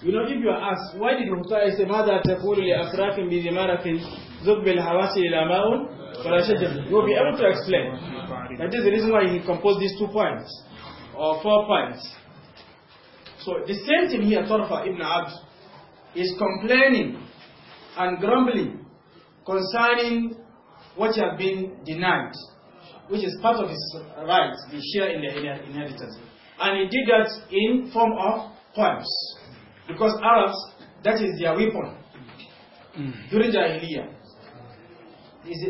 You know, if you are asked, why did Muhtar say, ماذا تقول لأفراك بزمارة زب الحواس إلى ماء فلا شجر? You will be able to explain. That is the reason why he composed these two poems, or four poems. So the same thing here, Torfa ibn Abd, is complaining and grumbling concerning what he have been denied, which is part of his rights, the share in the inheritance. And he did that in form of poems. Because Arabs, that is their weapon during Jahiliyyah. Is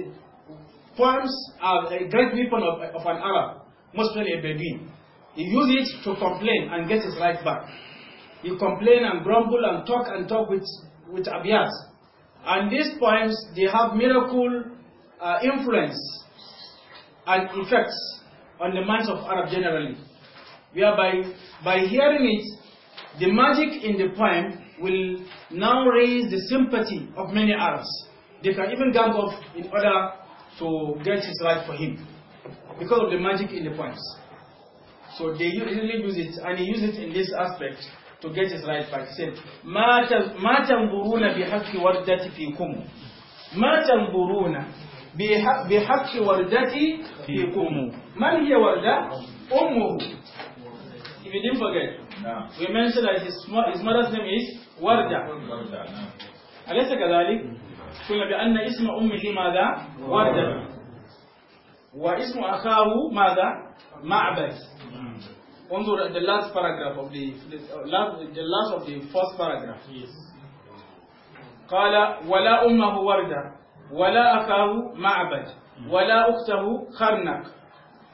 poems are a great weapon of, of an Arab, mostly a Bedouin. He uses it to complain and get his life back. He complain and grumble and talk and talk with, with abiyat. And these poems, they have miracle uh, influence and effects on the minds of Arab generally. Whereby, by hearing it, the magic in the poem will now raise the sympathy of many Arabs. They can even gang up in order to get his right for him because of the magic in the poems. So they really use it, and he uses it in this aspect to get his right back. He said, مَا تَنْظُرُونَ بِحَقِّ وَرْدَةِ فِيكُمْ مَا تَنْظُرُونَ بِحَقِّ وَرْدَةِ فِيكُمْ من هي وردة؟ أمه. If you didn't forget. We نعم. mentioned that his, his mother's name is Warda. نعم. أليس كذلك؟ قلنا بأن اسم أمه ماذا؟ وردة واسم أخاه ماذا؟ معبد نعم. انظر the last paragraph of the, the last of the first paragraph yes. قال ولا أمه وردة ولا أخاه معبد ولا أخته خرنك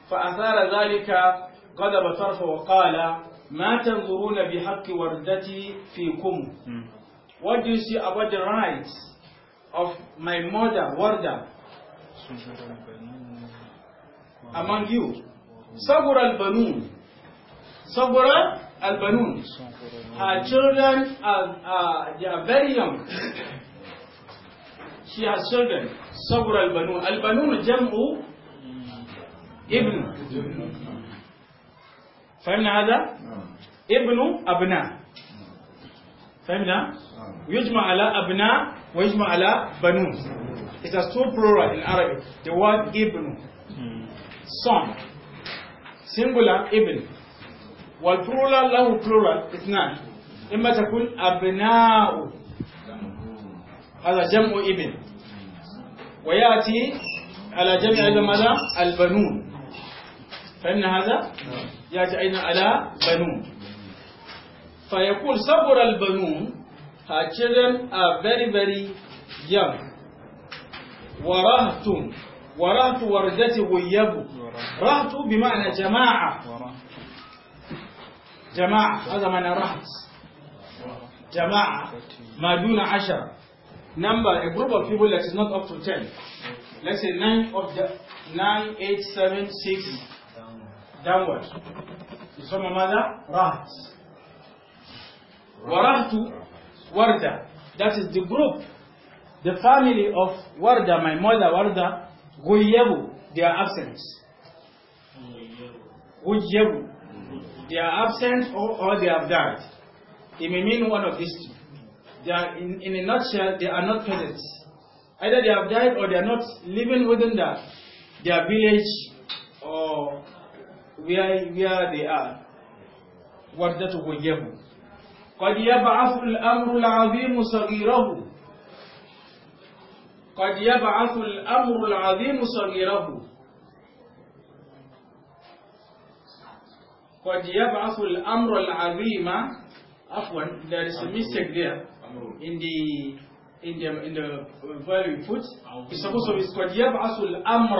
فأثار ذلك غضب طرفه وقال Hmm. What do you see about the rights of my mother, Warda, among you? Sabur al-Banun. Sabur al-Banun. Her children are, uh, they are very young. she has children. Sabur al-Banun. Al-Banun jam'u ibn. فهمنا هذا؟ نعم. ابن أبناء فهمنا؟ نعم. يجمع على أبناء ويجمع على بنون It's a two plural in Arabic The word ابن Son Singular ابن والplural له plural اثنان إما تكون أبناء هذا جمع ابن ويأتي على جمع ماذا؟ البنون فهمنا هذا؟ نعم. يتعين على بنون فيقول صبر البنون her children are very very young ورهتم ورهت ورجتي غيب رهت بمعنى جماعة جماعة هذا معنى رهت جماعة ما دون عشرة number a group of people that is not up to 10 let's say 9 of the 9, 8, 7, 6 downward. يسمى ماذا؟ Rahat. ورهط Warda. That is the group, the family of Warda, my mother Warda, Guyebu, they are absent. Guyebu, they are absent or, or they have died. It may mean one of these two. They are, in, in a nutshell, they are not present. Either they have died or they are not living within the, their village where, where they are وردته قد يبعث الأمر العظيم صغيره قد يبعث الأمر العظيم صغيره قد يبعث الأمر العظيم عفوا there is a mistake there in the in the in the value put it's supposed to be قد يبعث الأمر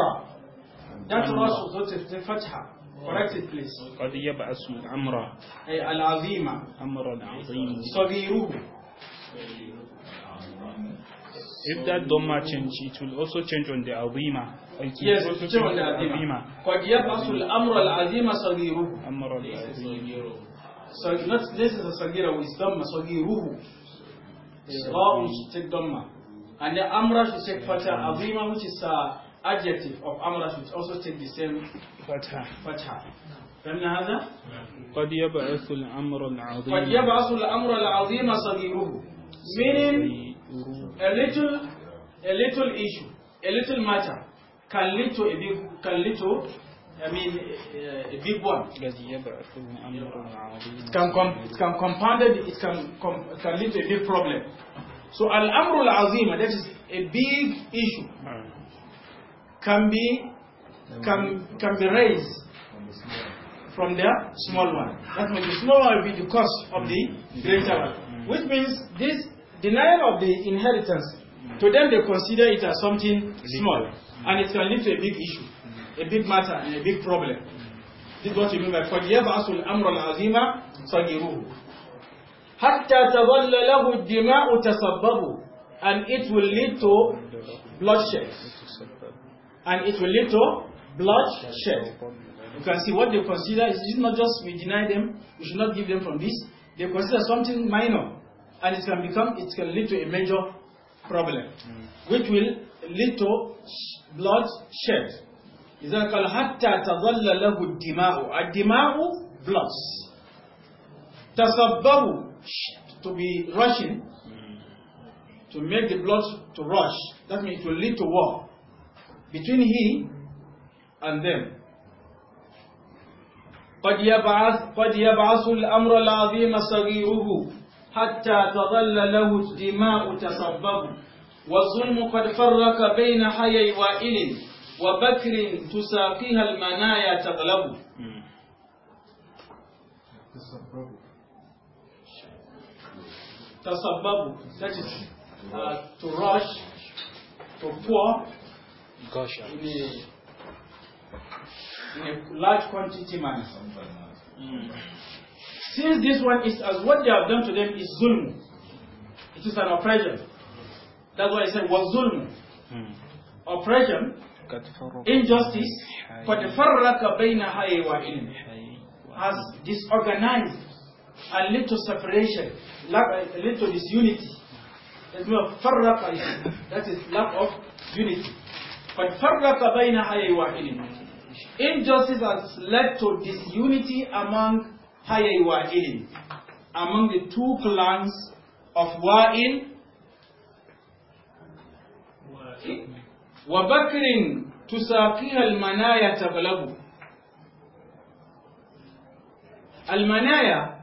that was what is the fatha Corrected, please. قد يبعث عمرا. أي العظيمة. عمرا عظيم. صغيره. If that Dhamma change, it will also change on the Azima. Yes, change on the Azima. قد يبعث الأمر العظيم صغيره. أمر العظيم. So this is a Sagira with Dhamma, صغيره. Raun should take Dhamma. And the Amra should take Fatah. Azima which is a uh, adjective of amra should also take the same fatha. fatha. فهمنا هذا؟ قد يبعث الأمر العظيم قد يبعث الأمر العظيم صغيره meaning a little a little issue a little matter can lead to a big can lead to I mean a, big one it can com it can compounded it can com it can lead to a big problem so al-amr al-azim that is a big issue can be can can be raised from the small one. That means the small one will be the cause of the greater one. Which means this denial of the inheritance, to them they consider it as something small. And it can lead to a big issue, a big matter, and a big problem. This is what you mean by for the فَلْيَبْعَثُ الْأَمْرَ الْعَظِيمَ azima حَتَّى Hatta لَهُ الدِّمَاءُ تَسَبَّبُ And it will lead to bloodshed and it will lead to bloodshed. You can see what they consider is not just we deny them, we should not give them from this. They consider something minor, and it can become, it can lead to a major problem, mm. which will lead to bloodshed. إذا قال حتى تظل له الدماء الدماء bloods تصبروا to be rushing hmm. to make the blood to rush that means it will lead to war between he and them. قد يبعث قد يبعث الأمر العظيم صغيره حتى تظل له الدماء تسبب والظلم قد فرق بين حي وائل وبكر تساقيها المنايا تغلب تسبب تسبب that is uh, to rush to pour Gosh, In a large quantity manner. Mm. Since this one is as what they have done to them is zulm. It is an oppression. That's why I said was zulm. Mm. Oppression, injustice, قد فرق بين wa وعلم has disorganized and led to separation, led to disunity. That is lack of unity. But فَرَّقَ بَيْنَ هَيَيْ وَاحِلٍ Injustice has led to disunity among هَيَيْ وَاحِلٍ Among the two clans of Wa'in وَبَكْرٍ تُسَاقِيهَ الْمَنَايَ تَغْلَبُ Al-Manaya,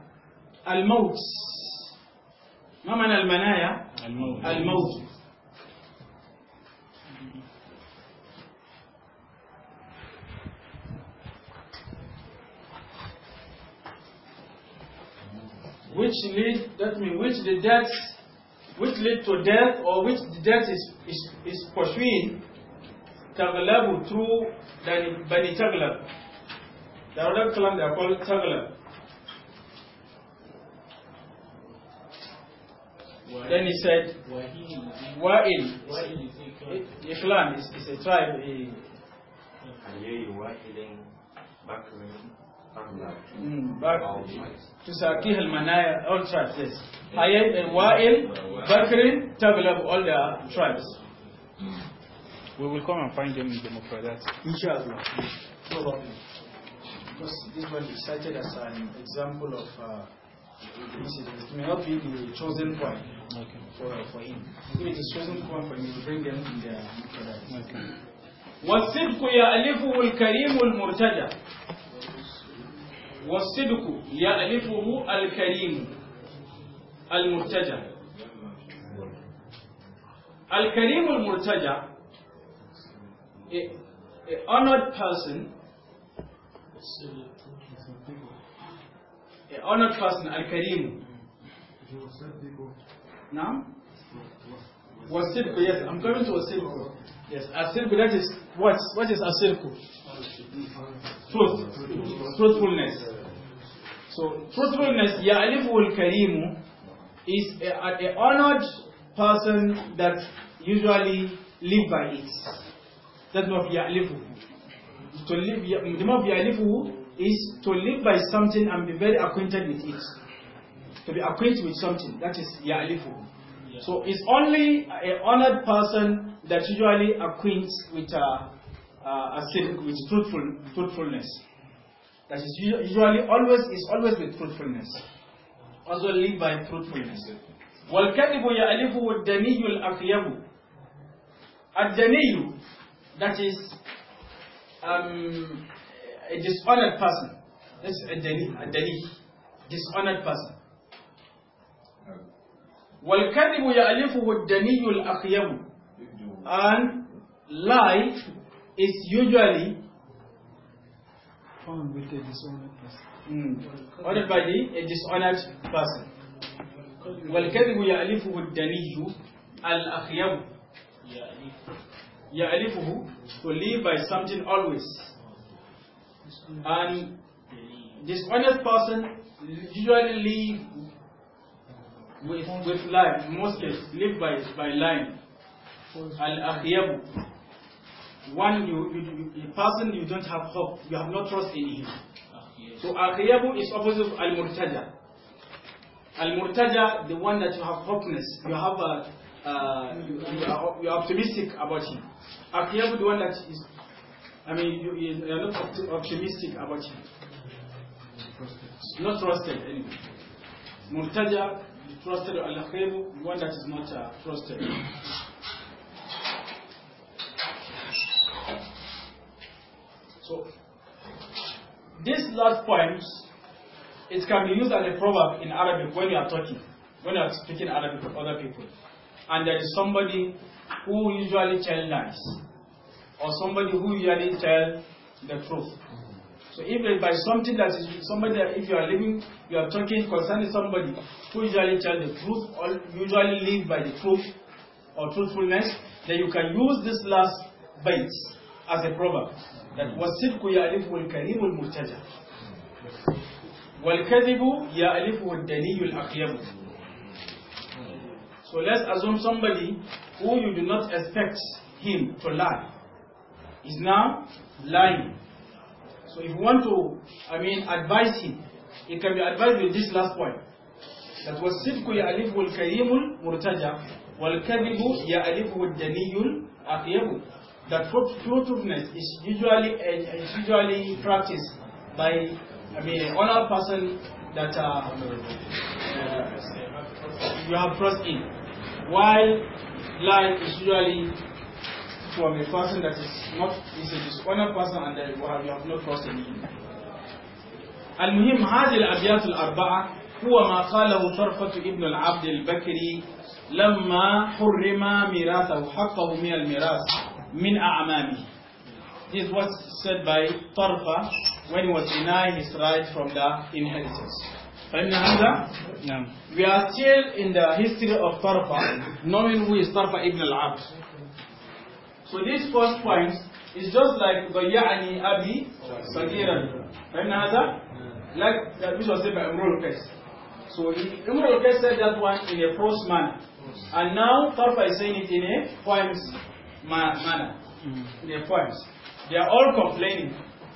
al-Mawts. Ma man al-Manaya? Al-Mawts. which lead that means which the death which lead to death or which the death is is, is pursuing taglabu through than bani taglab. The other clan they are called taglab. Then he said, Wa'il. Ikhlan is, is a tribe. He, تساقيها mm, المنايا all tribes yes وائل بكر all the tribes we will come and find them in the Mufradat because this one is cited as an example of uh, incidents. It may not be the chosen point okay. for, for him. If it is chosen point for him, bring them in their Mufradat okay. والصدق يألفه الكريم المرتجى والصدق يألفه الكريم المرتجى الكريم المرتجى honored person a honored person الكريم نعم والصدق yes I'm coming to والصدق yes الصدق that is what what is الصدق truth truthfulness So truthfulness, al Karimu, is an honored person that usually live by it. That's what Ya'lifuhu. To live, the more Ya'lifuhu is to live by something and be very acquainted with it. To be acquainted with something, that is Ya'lifuhu. So it's only an honored person that usually acquaints with uh, uh, a with truthful, truthfulness. That is usually always is always with fruitfulness. Also live by fruitfulness. والكذب يألفه الدني الأقيب الدني that is um, a dishonored person that's a dani a dani dishonored person والكذب يألفه الدني الأقيب and lie is usually found with a dishonored person. Mm. Ordered by the a dishonored person. والكذب يألفه الدني الأخيب يألفه to live by something always and dishonest person usually live with, with life, most cases live by, by line. al-akhyabu one you, you, you, person you don't have hope, you have no trust in him. So Al-Khiyabu is opposite of Al-Murtaja. Al-Murtaja, the one that you have hopeness, you have a, uh, you, you, are, you, are, optimistic about him. Al-Khiyabu, the one that is, I mean, you, you are not opt optimistic about him. Not trusted anyway. Murtaja, trusted Al-Khiyabu, the one that is not uh, trusted. So, this last point, it can be used as a proverb in Arabic when you are talking, when you are speaking Arabic to other people. And there is somebody who usually tells lies, or somebody who usually tells the truth. So even by something that is somebody that if you are living, you are talking concerning somebody who usually tells the truth or usually live by the truth or truthfulness, then you can use this last base as a proverb that hmm. So let's assume somebody who you do not expect him to lie is now lying. So if you want to, I mean, advise him, it can be advised with this last point. That وَالصِّدْقُ يَأْلِفُهُ الْكَرِيمُ الْمُرْتَجَى وَالْكَذِبُ يَأْلِفُهُ الدَّنِيُّ الْأَخْيَمُ that fruitfulness is usually uh, is usually practiced by I mean an honored person that uh, uh, you have trust in, while lying is usually from a person that is not is a dishonored person and that you have no trust in him. المهم هذه الأبيات الأربعة هو ما قاله طرفة ابن العبد البكري لما حرم ميراثه حقه من الميراث min a'mami. This was said by Tarfa when he was denying his right from the inheritance. No. We are still in the history of Tarfa, knowing who is Tarfa ibn al-Abd. So this first point is just like ضيعني Abi Sagiran. فهمنا هذا؟ Like that which was said by Umrul Qais. So Umrul Qais said that one in a prose manner. And now Tarfa is saying it in a poems manner, mm. their poems. They are all complaining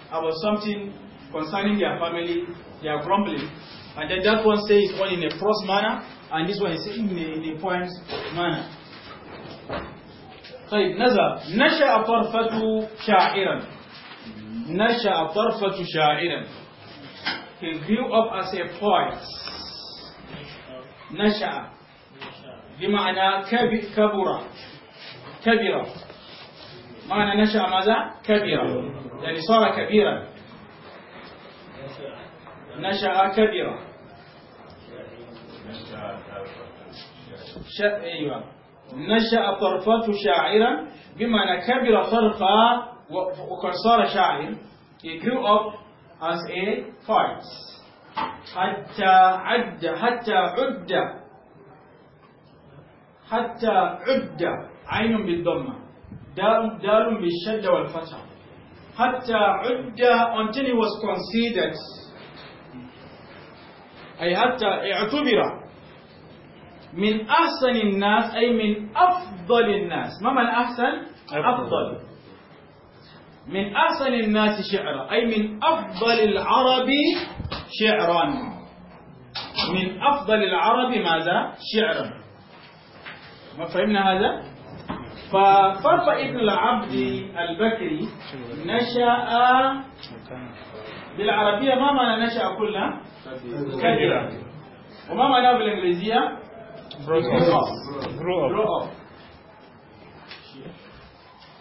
about something concerning their family, they are grumbling. And then that one says one in a prose manner, and this one is saying in a, in a poems manner. طيب نزل نشأ طرفة شاعرا نشأ طرفة شاعرا He grew up as a poet نشأ بمعنى كبر كبيرة معنى نشأ ماذا كبيرة يعني صار كبيرا نشأ كبيرا ش... أيوة نشأ طرفة شاعرا بمعنى كبر طرفة وكان صار شاعر he grew up as a poet حتى عد حتى عد حتى عد عين بالضمة دار دال بالشدة والفتح حتى عد until he was considered أي حتى اعتبر من أحسن الناس أي من أفضل الناس ما من أحسن؟ أفضل من أحسن الناس شعرا أي من أفضل العرب شعرا من أفضل العرب ماذا؟ شعرا ما فهمنا هذا؟ ففرط ابن العبد البكري نشأ بالعربية ما معنى نشأ كلنا كبيرة وما معنى بالإنجليزية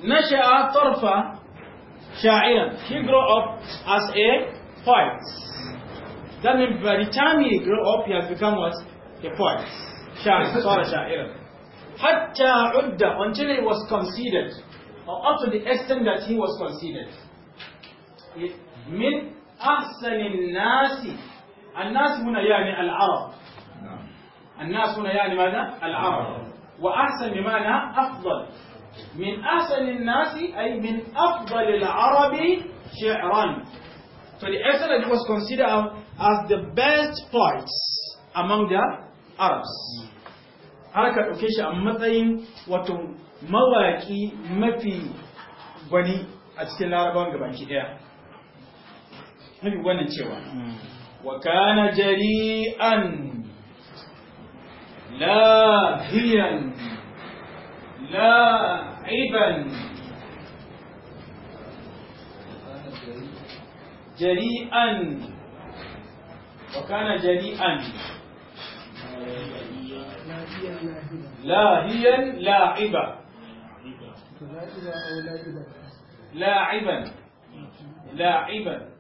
نشأ طرفة شاعرا he grew up as a poet that means by the time he grew up he has become what a poet شاعر صار شاعرا Hatta udda, until it was considered, or up to the extent that he was considered. Min ahsanin nasi. الناس هنا يعني العرب. الناس هنا يعني ماذا؟ العرب. وأحسن بمعنى أفضل. من أحسن الناس أي من أفضل العرب شعرا. So the it was considered as the best poets among the Arabs. har ka ɗauke shi a matsayin wato mawaƙi mafi gwani a cikin larabawan ki ɗaya mafi wannan cewa wa kana jari'an لاهيا لاعبا جريئا وكان jari'an. لاهيا لاعبا لاعبا لاعبا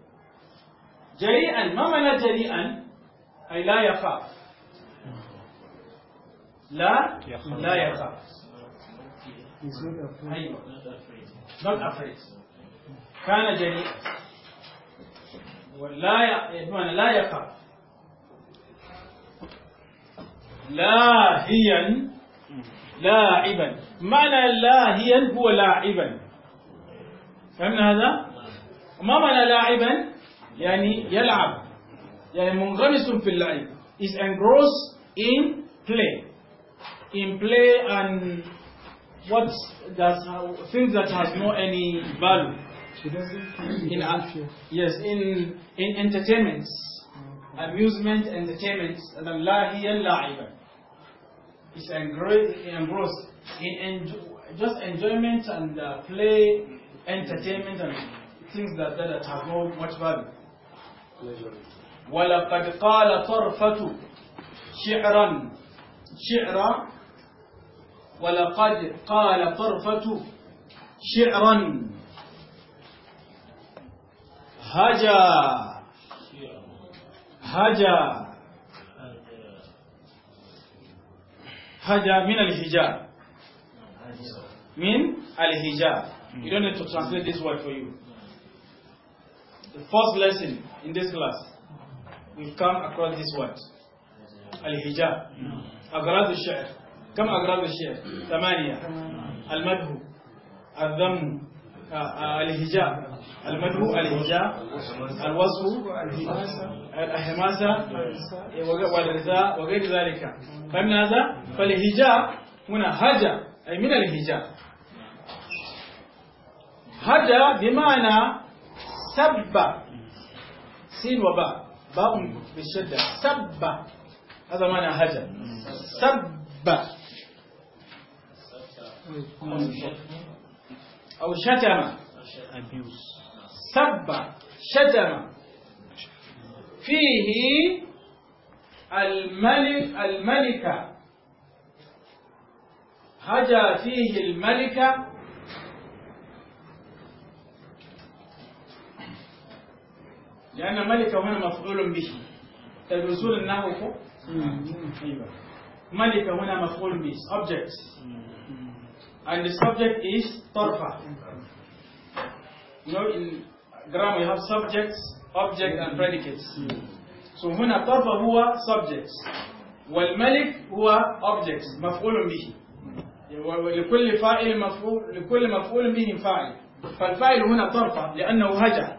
جريئا ما معنى جريئا أي لا يخاف لا لا يخاف أيوة not afraid كان جريئا ولا ي... لا يخاف لاهيا لاعبا معنى لاهيا هو لاعبا فهمنا هذا؟ ما معنى لاعبا؟ يعني يلعب يعني منغمس في اللعب is engrossed in play in play and what does things that has no any value in yes in in entertainments amusement entertainments and لاهيا لاعبا is engrossed in enjo just enjoyment and uh, play, entertainment and things that, that, that have no much value. وَلَقَدْ قَالَ طَرْفَةُ شِعْرًا شِعْرًا وَلَقَدْ قَالَ طَرْفَةُ شِعْرًا هَجَا هَجَا haja min al-hijab. Min al-hijab. You don't need to translate this word for you. The first lesson in this class, we've come across this word. al-hija. الحجاب أغراض الشعر كم أغراض al-madhu, al الذم آه، الهجاء المدح الهجاء الوصف الحماسة والرزاء وغير ذلك فمن هذا فالهجاء هنا هجا أي من الهجاء هجا بمعنى سب سين وباء باء بالشدة سب هذا معنى هجا سب أو شتم سب شتم فيه الملك الملكة هجا فيه الملكة لأن الملكة هنا مفعول به تدرسون النحو نعم، نعم، أيوة. ملكة هنا مفعول به object نعم. And the subject is torfa. You know, in grammar you have subjects, object, and predicates. So هنا الطرف هو subjects والملك هو objects مفعول به ولكل فاعل مفعول لكل مفعول به فاعل فالفاعل هنا طرفة لأنه هجع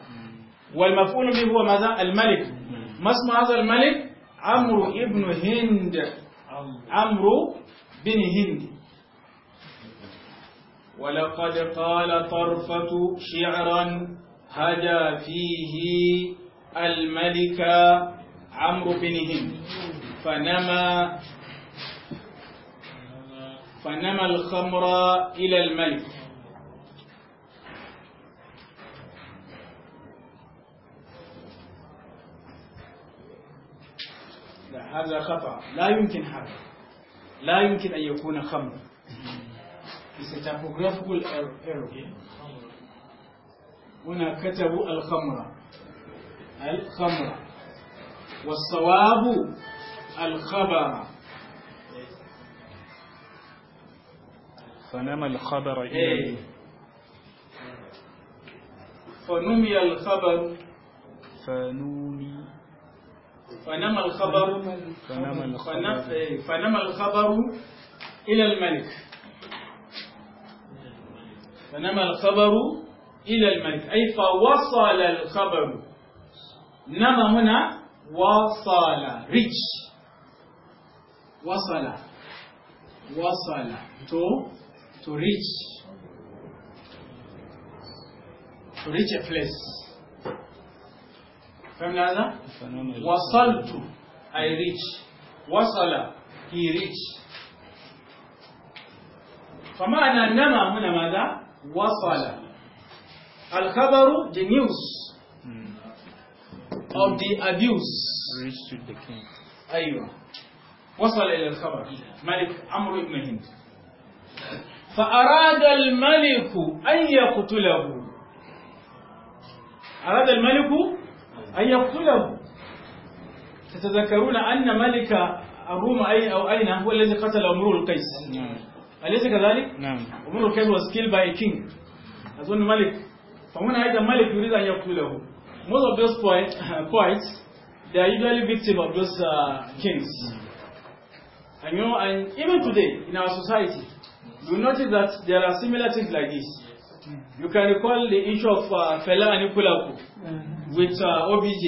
والمفعول به هو ماذا الملك ما اسم هذا الملك عمرو ابن هند عمرو بن هند ولقد قال طرفة شعرا هدى فيه الملك عمرو بن هند فنما فنما الخمر إلى الملك هذا خطأ لا يمكن هذا لا يمكن أن يكون خمر is a typographical er-, error here. هنا كتبوا الخمرة الخمرة والصواب الخبر فنم الخبر إيه. فنمي الخبر فنومي فنم الخبر فنم الخبر, فنم الخبر إلى الملك فنما الخبر إلى الملك أي فوصل الخبر نما هنا وصل ريتش وصل وصل تو تو ريتش تو ريتش a فهمنا هذا؟ وصلت أي ريتش وصل هي ريتش فمعنى نما هنا ماذا؟ وصل الخبر the news of the abuse reached to the king أيوة وصل إلى الخبر ملك عمرو بن هند فأراد الملك أن يقتله أراد الملك أن يقتله تتذكرون أن ملك الروم أي أو أين هو الذي قتل أمرو القيس نعم. أليس كذلك؟ نعم أبو ركاب was killed by a king as one Malik فمن هذا Malik يريد أن يقتله most of those poet, poets they are usually victims of those uh, kings and you know and even today in our society you notice that there are similar things like this you can recall the issue of uh, Fela Anikulaku with uh, OBJ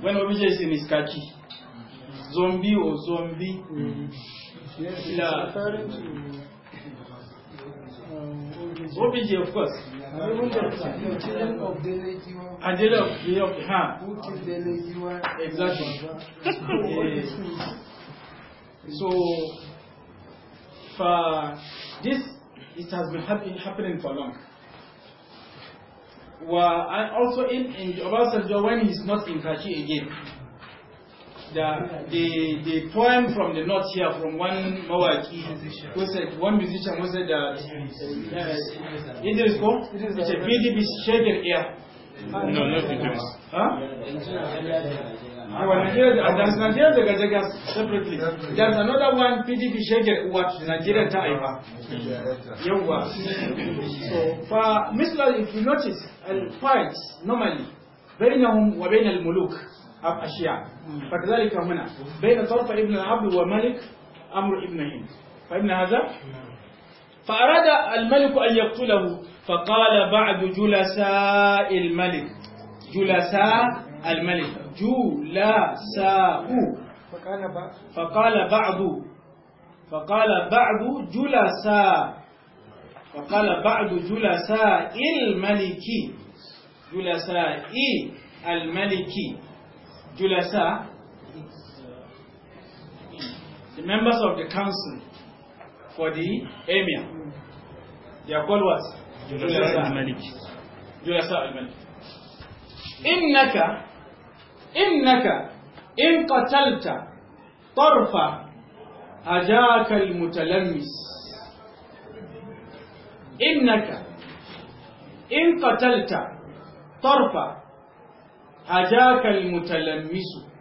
when OBJ is in his khaki zombie or zombie mm -hmm. Yes, yeah. Open of course. Children of Delegiwa. And they of the of the hand. Exactly. Eh. so, for this, it has been happen, happening for long. Well, and also in, in Obasanjo when he's not in Kashi again the, the, the poem from the north here from one mawaki who said, one musician who said that uh, Idris Go, it's a BDB shaded air. No, not Idris. Huh? I want to hear that. There's Nigeria the Gajagas separately. There's another one, PDP Shege Uwat, Nigeria Young one. So, for Misla, if you notice, poets normally, بينهم وبين الملوك أم أشياء فكذلك هنا بين طرف ابن العبد وملك أمر ابن هند فابن هذا فأراد الملك أن يقتله فقال بعد جلساء الملك جلساء الملك جلساء فقال بعض فقال بعض جلساء فقال بعض جلساء الملك جلساء الملك Julasa, the members of the council for the emir. They are called what? Julasa al-Malik. Julasa al-Malik. إنك إنك إن قتلت طرف هجاك المتلمس إنك إن قتلت طرف هجاك المتلمس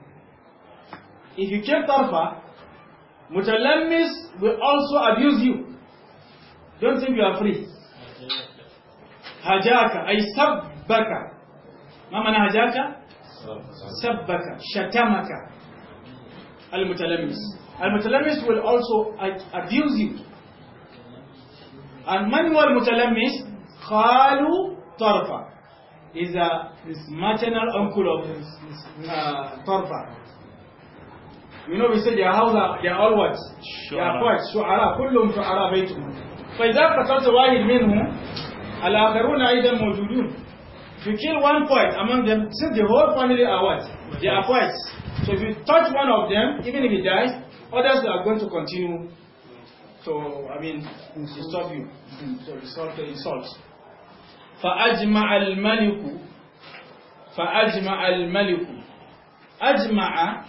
If you keep tarfa, mutalammis will also abuse you. Don't think you are free. Hajaka, ay sabbaka. Ma mana hajaka? Sabbaka, shatamaka. Al-mutalammis. Al-mutalammis will also abuse you and من هو mutalammis Khalu tarfa. is a his maternal uncle of his, his uh, Torfa. You know, we said their house are, they are all what? They are what? شعراء كلهم شعراء بيتهم. فإذا قتلت واحد منهم الآخرون أيضا موجودون. If you kill one poet among them, since the whole family are what? They are poets. So if you touch one of them, even if he dies, others are going to continue to, I mean, insult you. So insult, insult. فأجمع الملك فأجمع الملك أجمع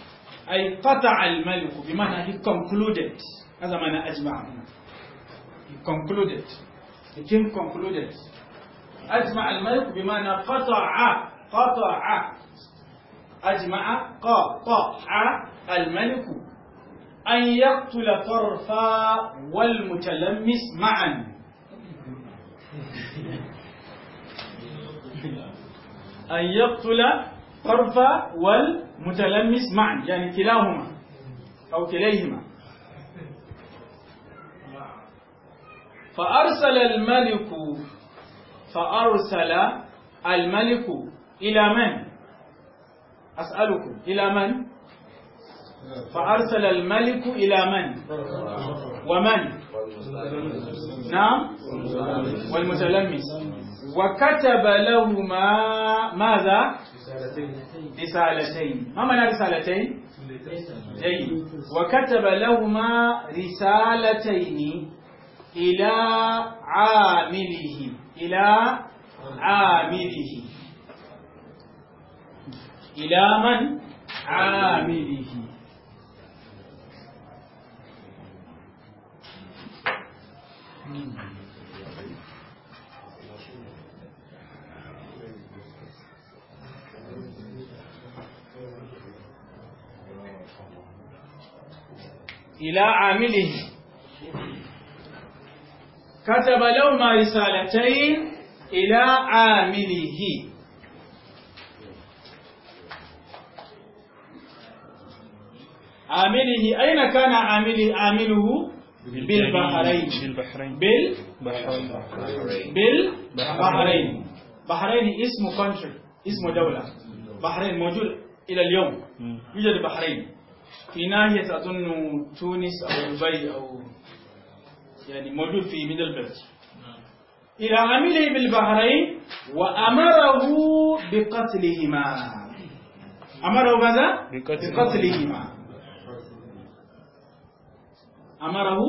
أي قطع الملك بمعنى he concluded هذا معنى أجمع هنا he concluded the king concluded أجمع الملك بمعنى قطع قطع أجمع قطع الملك أن يقتل طرفا والمتلمس معا أن يقتل طرف والمتلمس معا يعني كلاهما أو كليهما فأرسل الملك فأرسل الملك إلى من؟ أسألكم إلى من؟ فأرسل الملك إلى من؟ ومن؟ نعم والمتلمس وكتب لهما ماذا رسالتين ما معنى رسالتين جيد وكتب لهما رسالتين إلى عامله إلى عامله إلى من عامله إلى عامله كتب لهما رسالتين إلى عامله عامله أين كان عامله عامله بالبحرين بالبحرين بالبحرين بحرين اسم country اسم دولة بحرين موجود إلى اليوم يوجد بحرين في ناحية أظن تونس أو دبي أو يعني موجود في ميدل نعم. بيلت إلى عمله بالبحرين وأمره بقتلهما أمره ماذا؟ بقتلهما أمره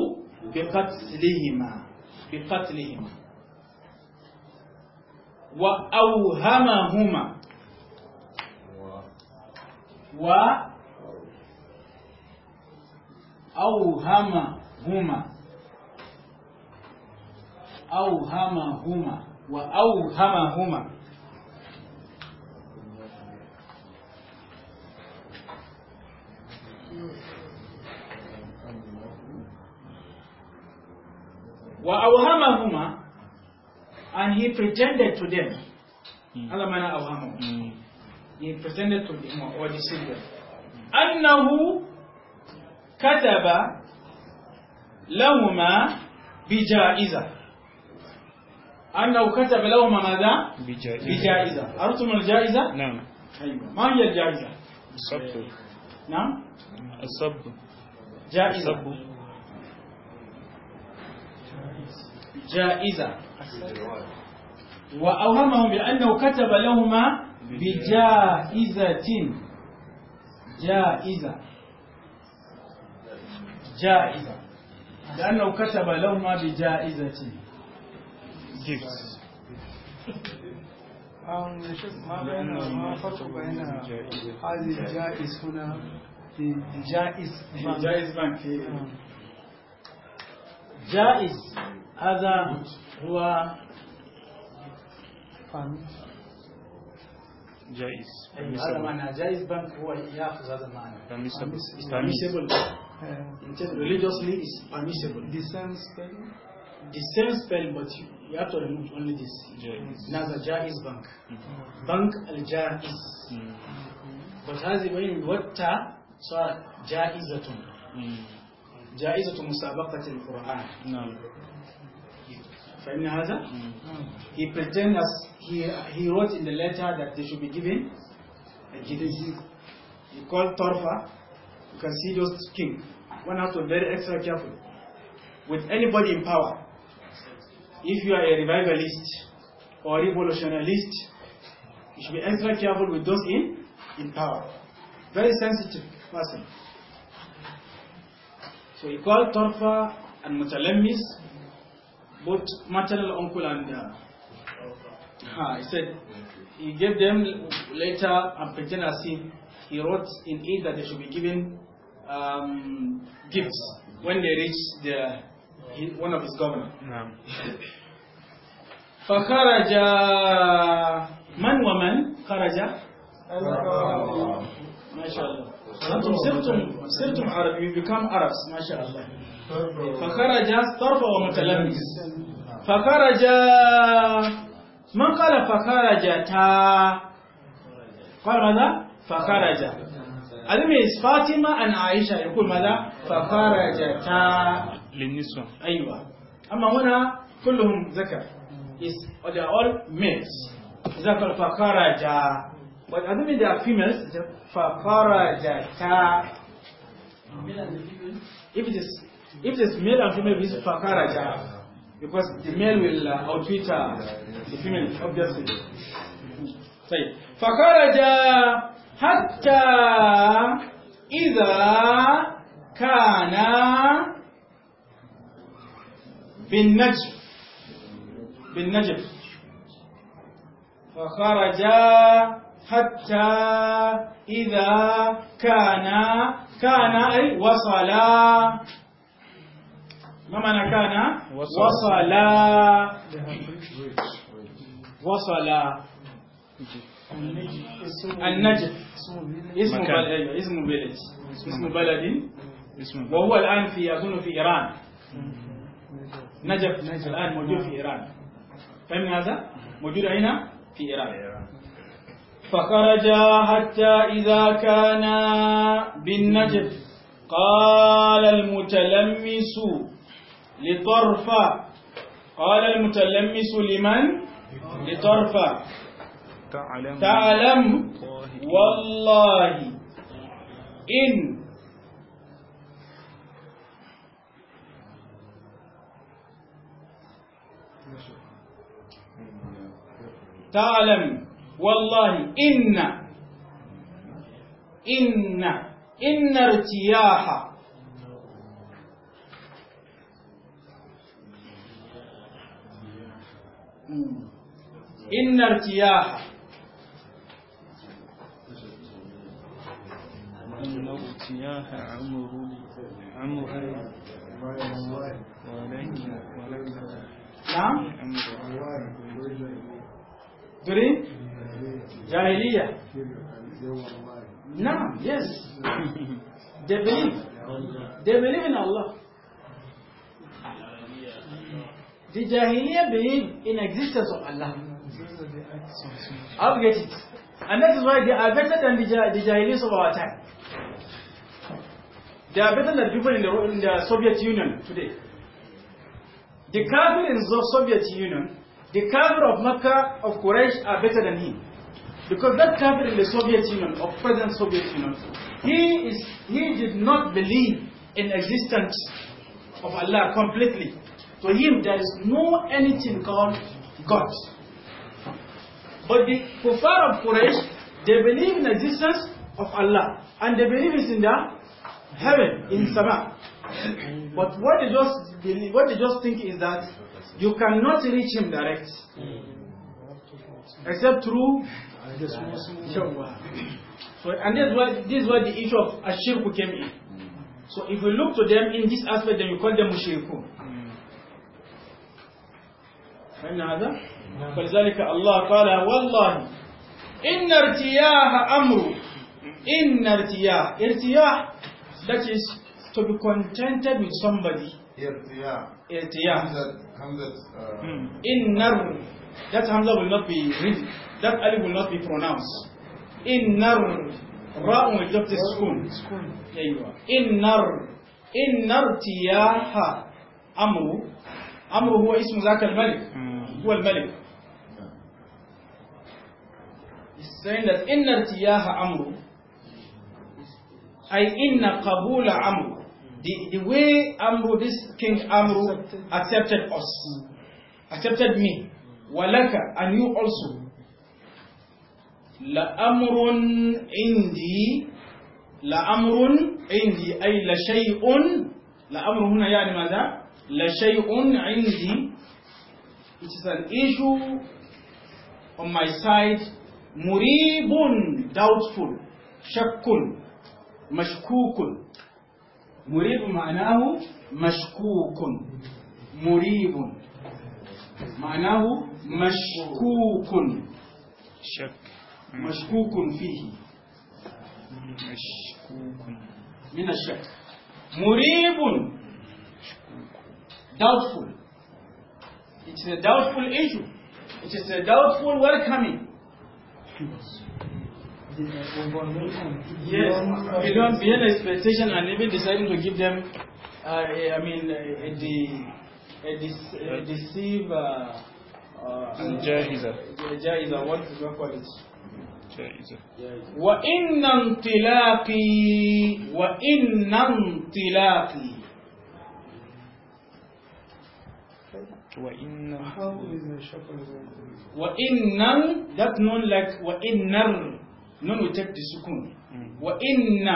بقتلهما بقتلهما وأوهمهما و au hama huma au hama huma wa au hama huma wa awhama huma and he pretended to them hala hmm. maana awhama hmm. he pretended to them or deceived them annahu كتب لهما بجائزة أنه كتب لهما ماذا؟ بجائزة, بجائزة. عرفتم الجائزة؟ نعم أيوة ما هي الجائزة؟ الصب نعم الصب جائزة الصب. جائزة وأوهمهم بأنه كتب لهما بجائزة جائزة جائزة لأنه كتب لهما بجائزة جيفت ما بين ما الفرق بين هذه الجائز هنا جائز جائز بانك جائز هذا هو جائز هذا معنى جائز بنك هو ياخذ هذا المعنى permissible uh, religiously is permissible. The same spelling? the same spelling, but you, you, have to remove only this. Nazaja is bank. Mm-hmm. Bank al-ja is. Mm-hmm. But هذه when you watta, so جائزة. جائزة مسابقة القرآن. نعم. فإن هذا he pretends he he wrote in the letter that they should be given a he called torfa you can see just king. One has to be very extra careful. With anybody in power, if you are a revivalist or a revolutionist, you should be extra careful with those in, in power. Very sensitive person. So he called Torfa and Mutalemis, both maternal uncle and uh, uh, he said he gave them letter and pretend he wrote in it that they should be given um, gifts when they reached the, one of his governors. No. فخرج من ومن خرج ما شاء الله أنتم صرتم صرتم عرب you become Arabs ما شاء الله فخرج طرف ومتلمس فخرج من قال فخرج تا قال ماذا فخرج ألميس فاطمة عن عائشة يقول ماذا فخرجتا للنسوة أيوة أما هنا كلهم ذكر is oh, they are all males ذكر فخرجا but I don't mean they are females فخرجتا if it is if it is male and female it's فخرجا because the male will uh, outwit uh, the female obviously طيب فخرجا حتى إذا كان بالنجف بالنجف فخرج حتى إذا كان كان أي وصل ما معنى كان وصل وصل, وصل النجف اسم أيوة، بلد ايوه اسم بلد اسم بلد وهو الان في اظن في ايران نجف الان موجود في ايران فهمنا هذا؟ موجود هنا في ايران فخرج حتى إذا كان بالنجف قال المتلمس لطرفة قال المتلمس لمن؟ لطرفة تعلم, والله إن تعلم والله إن إن إن ارتياح إن ارتياح وأن اغتياها عمر عمر ولن ولن نعم دري جاهلية نعم yes they believe they believe in Allah The Jahiliyyah believe in existence of Allah. I'll get it. And that is why they are better than the, jah the Jahiliyyahs of our time. They are better than people in the, in the Soviet Union today. The kafir in the Soviet Union, the kafir of Makkah, of Quraysh are better than him. Because that kafir in the Soviet Union, of present Soviet Union, he, is, he did not believe in existence of Allah completely. For him, there is no anything called God. But the kuffar of Quraysh, they believe in existence of Allah. And they believe it's in the heaven in Sama. But what they just what they just think is that you cannot reach him direct, except through So, and this is why this is why the issue of ashirku came in. So, if we look to them in this aspect, then you call them mushrikun. فإن هذا فلذلك الله قال والله إن ارتياح أمر إن ارتياح ارتياح that is to be contented with somebody. Irtiyah. Irtiyah. Uh, hmm. In nar. That Hamza will not be read. That Ali will not be pronounced. In nar. Ra will drop the spoon. There you are. In nar. In nartiyaha. Amru. Amru huwa ismu zaka al-malik. Hmm. Huwa al-malik. He's saying that in nartiyaha amru. I inna kabula أمر the, the way Amru, this King Amru accepted, us, accepted me, walaka, and you also. La la amrun amrun indi لأمر عندي لأمر عندي أي لشيء لأمر هنا mada la shayun indi. which is an issue on my side Muribun doubtful شك مشكوك مريب معناه مشكوك مريب معناه مشكوك شك مشكوك فيه مشكوك من الشك مريب doubtful it's a doubtful issue it is a doubtful welcoming Yes, we beyond expectation and even deciding to give them, uh, I mean, uh, the uh, dec uh, deceive. Uh, uh, جائزة جائزة what is your quality Wa وإن How is the انطلاقي Wa وإن That's known like wa وإن نون we take وإن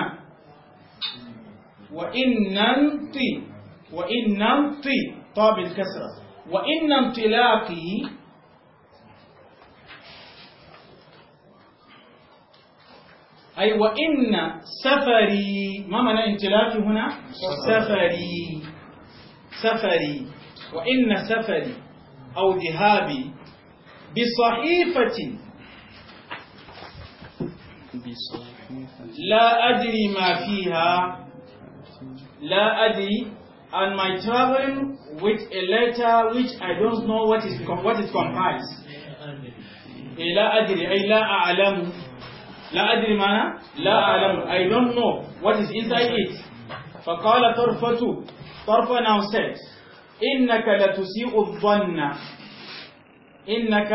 وإن Wa inna. Wa طاب الكسرة وإن انطلاقه أي وإن سفري ما معنى انطلاقي هنا سفري سفري وإن سفري أو ذهابي بصحيفة لا أدري ما فيها لا أدري and my traveling with a letter which I don't know what is what it comprises لا أدري أي لا أعلم لا أدري ما لا أعلم I don't know what is inside it. فقال طرفة طرفة now said إنك لتسيء الظن إنك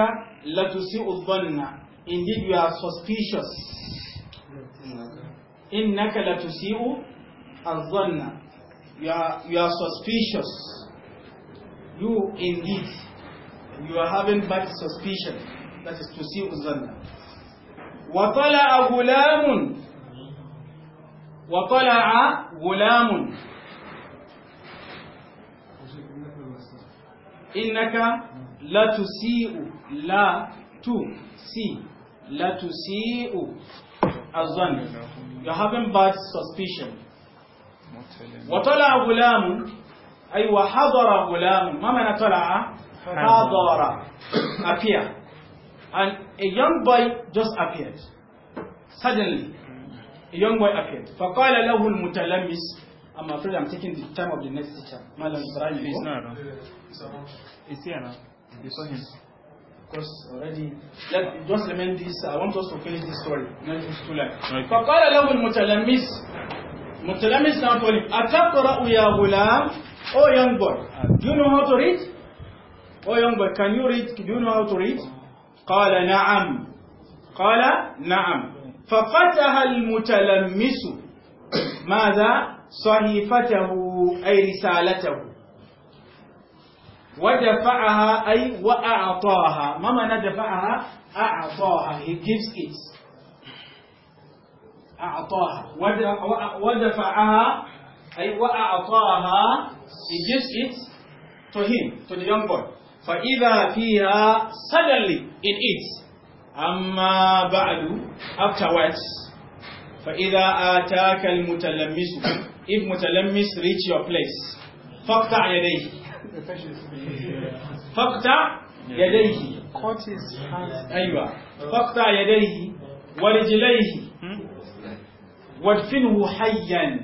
لتسيء الظن indeed you are suspicious إنك لتسيء الظن you are, you are suspicious you indeed you are having bad suspicion that is تسيء الظن وطلع غلام وطلع غلام إنك لتسيء لا تسيء لتسيء You're having bad suspicion وطلع غلام أي وحضر غلام ما معنى طلع appear and a young boy just appeared suddenly a young boy appeared I'm afraid I'm taking the time of the next teacher Ibrahim He's not He's here now You saw him course already let just remain this I want us to finish this story not this too late فقال له المتلمس متلمس now told him أتقرأ يا غلام oh young boy do you know how to read oh young boy can you read do you know how to read قال نعم قال نعم ففتح المتلمس ماذا صحيفته أي رسالته ودفعها أي وأعطاها ما معنى دفعها أعطاها he gives it أعطاها ودفعها أي وأعطاها he gives it to him to the young boy فإذا فيها suddenly in it أما بعد afterwards فإذا آتاك المتلمس if متلمس reach your place فاقطع يديه فاقطع يديه أيوة فاقطع يديه ورجليه وادفنه حيا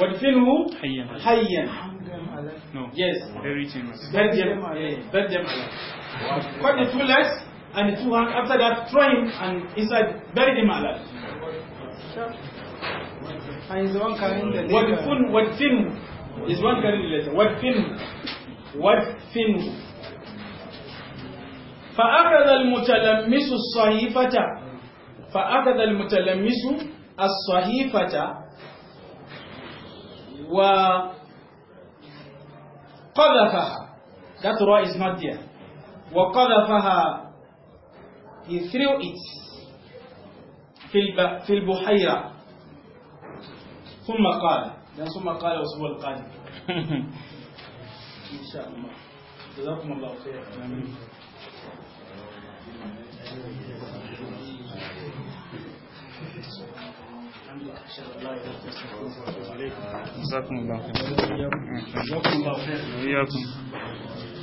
وادفنه حيا حيا yes bend him bend him cut the two legs and the two hands after that throw him and inside bury him alive and he's the one carrying the is one caring letter What thin? What thin? فأخذ المتلمس الصحيفة فأخذ المتلمس الصحيفة وقذفها that raw is not there وقذفها he threw it في البحيرة ثم قال dan ثم قال الاسبوع القادم ان شاء الله جزاكم الله خير امين جزاكم الله خير جزاكم الله خير